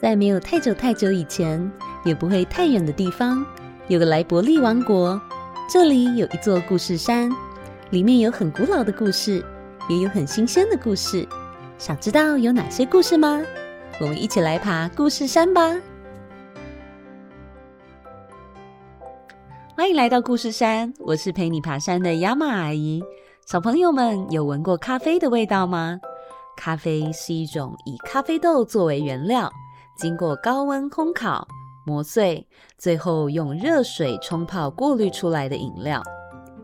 在沒有太久太久以前，也不會太遠的地方，有個萊伯利王國。這裡有一座故事山，裡面有很古老的故事，也有很新鮮的故事。想知道有哪些故事嗎？我們一起來爬故事山吧！歡迎來到故事山，我是陪你爬山的 Yama 阿姨。小朋友們有聞過咖啡的味道嗎？咖啡是一種以咖啡豆作為原料。經過高溫烘烤、磨碎，最後用熱水沖泡、過濾出來的飲料，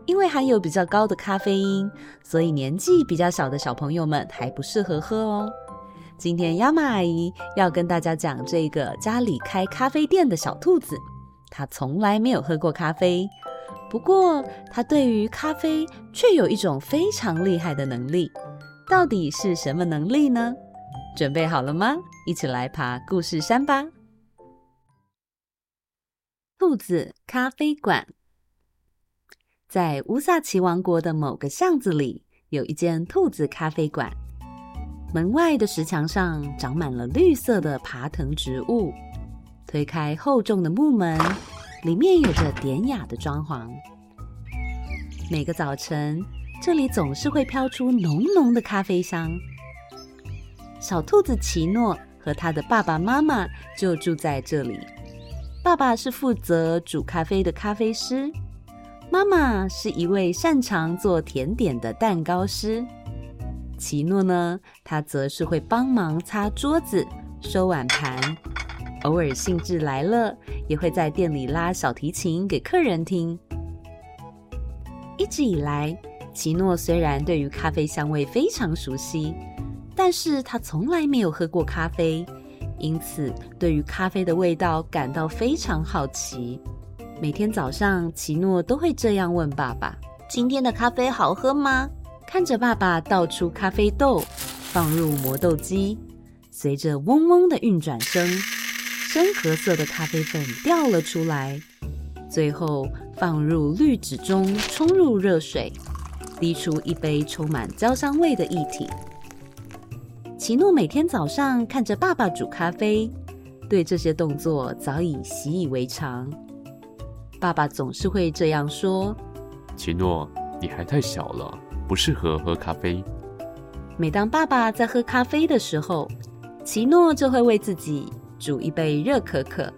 因為含有比較高的咖啡因，所以年紀比較小的小朋友們還不適合喝哦。今天 Yama 阿姨要跟大家講這個家裡開咖啡店的小兔子，它從來沒有喝過咖啡，不過它對於咖啡卻有一種非常厲害的能力，到底是什麼能力呢？準備好了嗎？一起來爬故事山吧！兔子咖啡館。在烏薩奇王國的某個巷子裡，有一間兔子咖啡館。門外的石牆上長滿了綠色的爬藤植物，推開厚重的木門，裡面有着典雅的裝潢。每個早晨，這裡總是會飄出濃濃的咖啡香。小兔子奇諾和他的爸爸媽媽就住在這裡。爸爸是負責煮咖啡的咖啡師，媽媽是一位擅長做甜點的蛋糕師。奇諾呢，他則是會幫忙擦桌子、收碗盤，偶爾興致來了也會在店裡拉小提琴給客人聽。一直以來，奇諾雖然對於咖啡香味非常熟悉。但是他從來沒有喝過咖啡，因此對於咖啡的味道感到非常好奇。每天早上，奇諾都會這樣問爸爸：“今天的咖啡好喝嗎？”看着爸爸倒出咖啡豆，放入磨豆機，隨着嗡嗡的運轉聲，深褐色的咖啡粉掉了出來，最後放入濾紙中，沖入熱水，滴出一杯充滿焦香味的液體。奇諾每天早上看着爸爸煮咖啡，對這些動作早已習以為常。爸爸總是會這樣說：“奇諾，你還太小了，不適合喝咖啡。”每當爸爸在喝咖啡的時候，奇諾就會為自己煮一杯熱可可，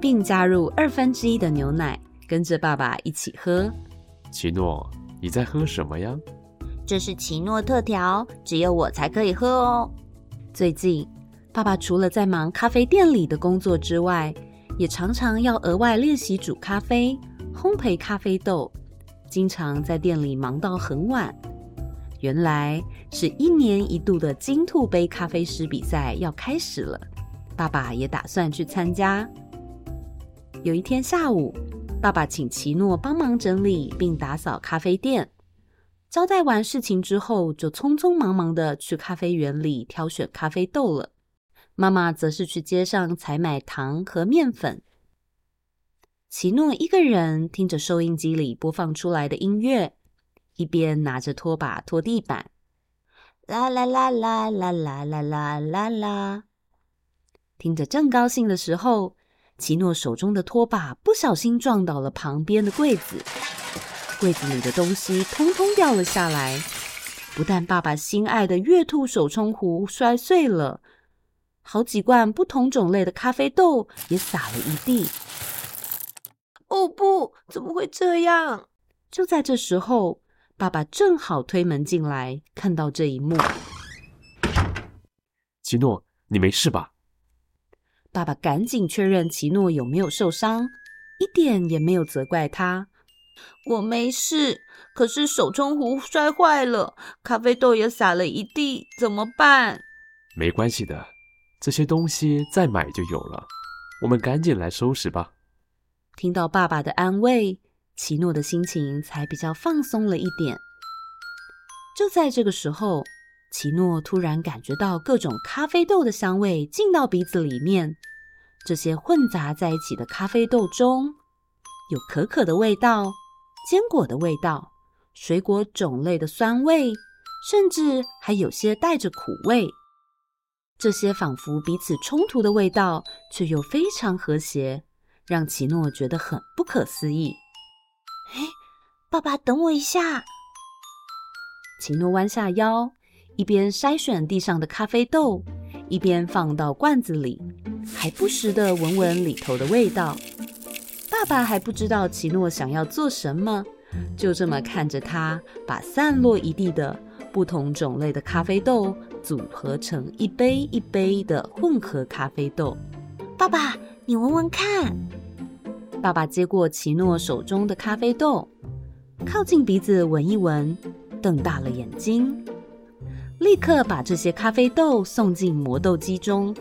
並加入二分之一的牛奶，跟着爸爸一起喝。奇諾，你在喝什麼呀？這是奇諾特調，只有我才可以喝哦。最近，爸爸除了在忙咖啡店裡的工作之外，也常常要額外練習煮咖啡、烘焙咖啡豆，經常在店裡忙到很晚。原來是一年一度的金兔杯咖啡師比賽要開始了，爸爸也打算去參加。有一天下午，爸爸請奇諾幫忙整理並打掃咖啡店。交代完事情之後，就匆匆忙忙的去咖啡園裡挑選咖啡豆了。媽媽則是去街上採買糖和麵粉。奇諾一個人聽着收音機裡播放出來的音樂，一邊拿着拖把拖地板。啦啦啦啦啦啦啦啦啦！聽着正高興的時候，奇諾手中的拖把不小心撞到了旁邊的櫃子。櫃子裡的東西通通掉了下來，不但爸爸心愛的月兔手沖壺摔碎了，好幾罐不同種類的咖啡豆也灑了一地。哦不！怎麼會這樣？就在這時候，爸爸正好推門進來，看到這一幕。奇諾，你沒事吧？爸爸趕緊確認奇諾有沒有受傷，一點也沒有責怪他。我沒事，可是手沖壺摔壞了，咖啡豆也灑了一地，怎麼辦？沒關係的，這些東西再買就有了。我們趕緊來收拾吧。聽到爸爸的安慰，奇諾的心情才比較放鬆了一點，就在這個時候，奇諾突然感覺到各種咖啡豆的香味進到鼻子裡面。這些混雜在一起的咖啡豆中有可可的味道。堅果的味道，水果種類的酸味，甚至還有些帶着苦味。這些仿佛彼此衝突的味道，卻又非常和諧，讓奇諾覺得很不可思議。欸，爸爸，等我一下。奇諾彎下腰，一邊篩選地上的咖啡豆，一邊放到罐子裡，還不時地聞聞裡頭的味道。爸爸還不知道奇諾想要做什麼，就這麼看着他把散落一地的不同種類的咖啡豆組合成一杯一杯的混合咖啡豆。爸爸，你聞聞看。爸爸接過奇諾手中的咖啡豆，靠近鼻子聞一聞，瞪大了眼睛，立刻把這些咖啡豆送進磨豆機中，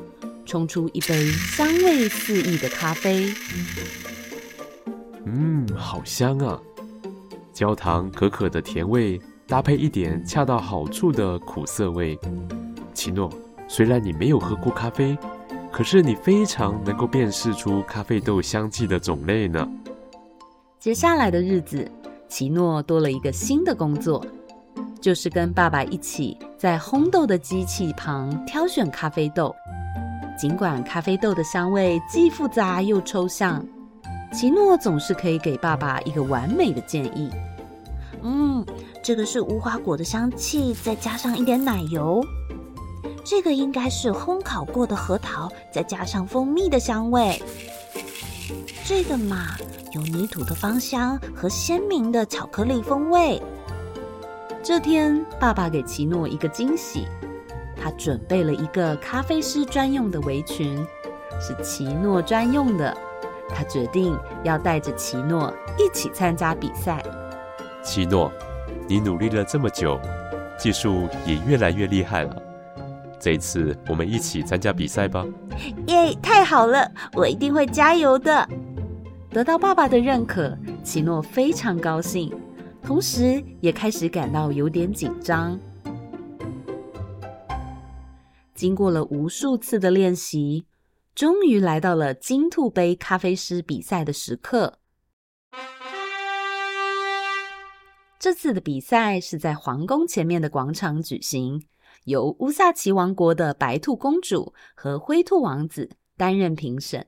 沖出一杯香味四溢的咖啡。嗯，好香啊！焦糖、可可的甜味搭配一點恰到好處的苦澀味。奇諾，雖然你沒有喝過咖啡，可是你非常能夠辨識出咖啡豆香氣的種類呢。接下來的日子，奇諾多了一個新的工作，就是跟爸爸一起在烘豆的機器旁挑選咖啡豆。儘管咖啡豆的香味既複雜又抽象。奇諾總是可以給爸爸一個完美的建議。嗯，這個是無花果的香氣，再加上一點奶油。這個應該是烘烤過的核桃，再加上蜂蜜的香味。這個嘛，有泥土的芳香和鮮明的巧克力風味。這天，爸爸給奇諾一個驚喜，他準備了一個咖啡師專用的圍裙，是奇諾專用的。他決定要帶着奇諾一起參加比賽。奇諾，你努力了這麼久，技術也越來越厲害了。這一次，我們一起參加比賽吧！耶，太好了！我一定會加油的。得到爸爸的認可，奇諾非常高興，同時也開始感到有點緊張。經過了無數次的練習。終於來到了金兔杯咖啡師比賽的時刻。這次的比賽是在皇宮前面的廣場舉行，由烏薩奇王國的白兔公主和灰兔王子擔任評審。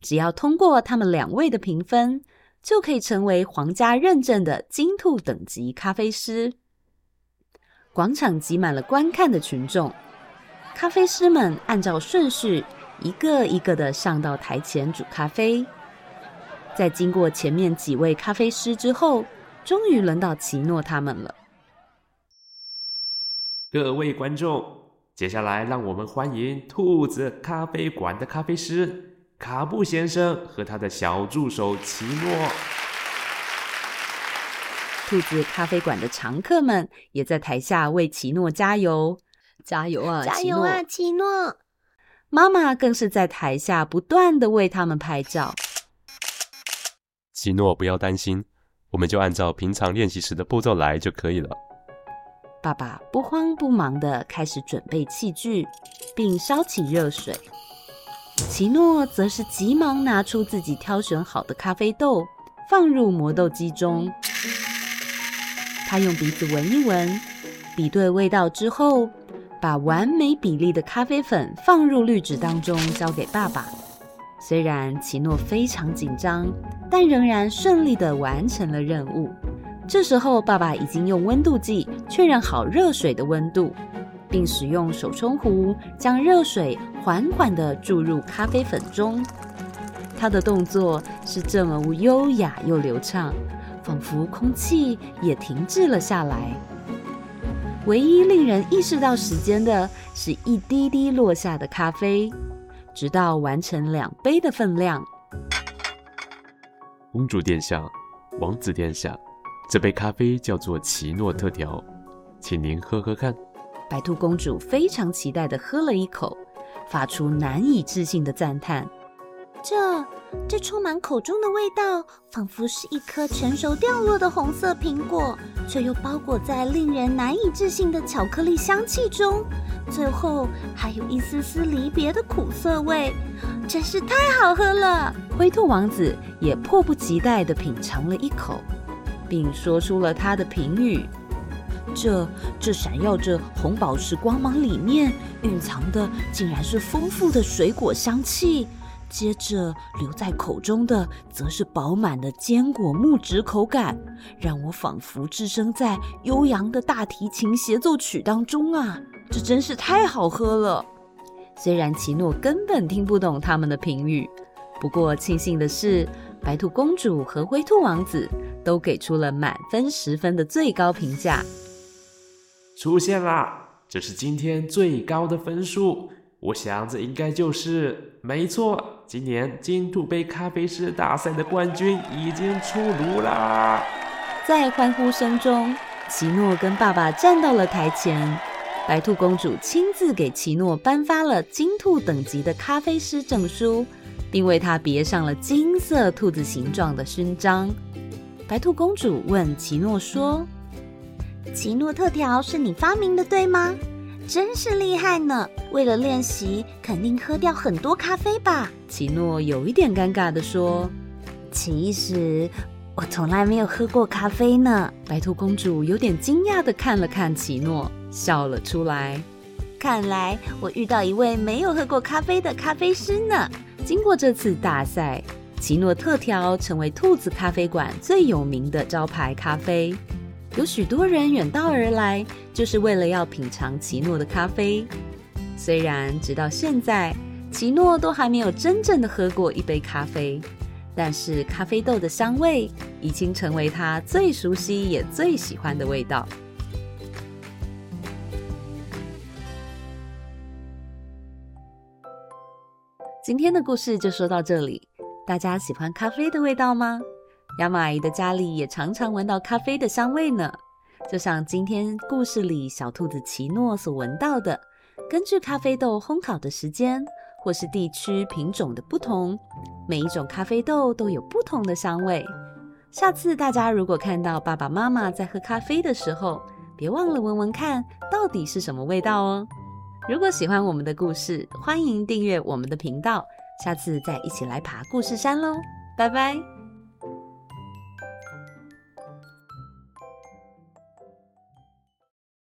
只要通過他們兩位的評分，就可以成為皇家認證的金兔等級咖啡師。廣場擠滿了觀看的群眾，咖啡師們按照順序一個一個的上到台前煮咖啡，在經過前面幾位咖啡師之後，終於輪到奇諾他們了。各位觀眾，接下來讓我們歡迎兔子咖啡館的咖啡師卡布先生和他的小助手奇諾。兔子咖啡館的常客們也在台下為奇諾加油，加油啊，加油啊，奇諾！奇諾媽媽更是在台下不斷的為他們拍照。奇諾，不要擔心，我們就按照平常練習時的步驟來就可以了。爸爸不慌不忙的開始準備器具，並燒起熱水。奇諾則是急忙拿出自己挑選好的咖啡豆，放入磨豆機中。他用鼻子聞一聞，比對味道之後，把完美比例的咖啡粉放入濾紙當中，交給爸爸。雖然奇諾非常緊張，但仍然順利地完成了任務。這時候，爸爸已經用溫度計確認好熱水的溫度，並使用手沖壺將熱水緩緩地注入咖啡粉中。他的動作是這麼優雅又流暢，仿佛空氣也停滯了下來。唯一令人意識到時間的，是一滴滴落下的咖啡，直到完成兩杯的分量。公主殿下，王子殿下，這杯咖啡叫做奇諾特調，請您喝喝看。白兔公主非常期待的喝了一口，發出難以置信的讚嘆。這這充滿口中的味道，仿佛是一顆全熟掉落的紅色蘋果，卻又包裹在令人難以置信的巧克力香氣中，最後還有一絲絲離別的苦澀味，真是太好喝了。灰兔王子也迫不及待地品嘗了一口，並說出了他的評語：這這閃耀着紅寶石光芒，裡面蘊藏的，竟然是豐富的水果香氣。接着留在口中的，則是飽滿的堅果木質口感，讓我仿佛置身在悠揚的大提琴協奏曲當中啊！這真是太好喝了。雖然奇諾根本聽不懂他們的評語，不過慶幸的是，白兔公主和灰兔王子都給出了滿分十分的最高評價。出現啦！這是今天最高的分數。我想這應該就是，沒錯。今年金兔杯咖啡師大賽的冠軍已經出爐啦！在歡呼聲中，奇諾跟爸爸站到了台前。白兔公主親自給奇諾頒發了金兔等級的咖啡師證書，並為他別上了金色兔子形狀的勳章。白兔公主問奇諾說：“奇諾特調是你發明的，對嗎？”真是厲害呢！為了練習，肯定喝掉很多咖啡吧？奇諾有一點尷尬地說：“其實我從來沒有喝過咖啡呢。”白兔公主有點驚訝地看了看奇諾，笑了出來。看來我遇到一位沒有喝過咖啡的咖啡師呢。經過這次大賽，奇諾特調成為兔子咖啡館最有名的招牌咖啡。有許多人遠道而來，就是為了要品嘗奇諾的咖啡。雖然直到現在，奇諾都還沒有真正的喝過一杯咖啡，但是咖啡豆的香味已經成為他最熟悉也最喜歡的味道。今天的故事就說到這裡，大家喜歡咖啡的味道嗎？Yama 阿姨的家裡也常常聞到咖啡的香味呢，就像今天故事裡小兔子奇諾所聞到的。根據咖啡豆烘烤的時間或是地區品種的不同，每一種咖啡豆都有不同的香味。下次大家如果看到爸爸媽媽在喝咖啡的時候，別忘了聞聞看，到底是什麼味道哦。如果喜歡我們的故事，歡迎訂閱我們的頻道，下次再一起來爬故事山嘍！拜拜。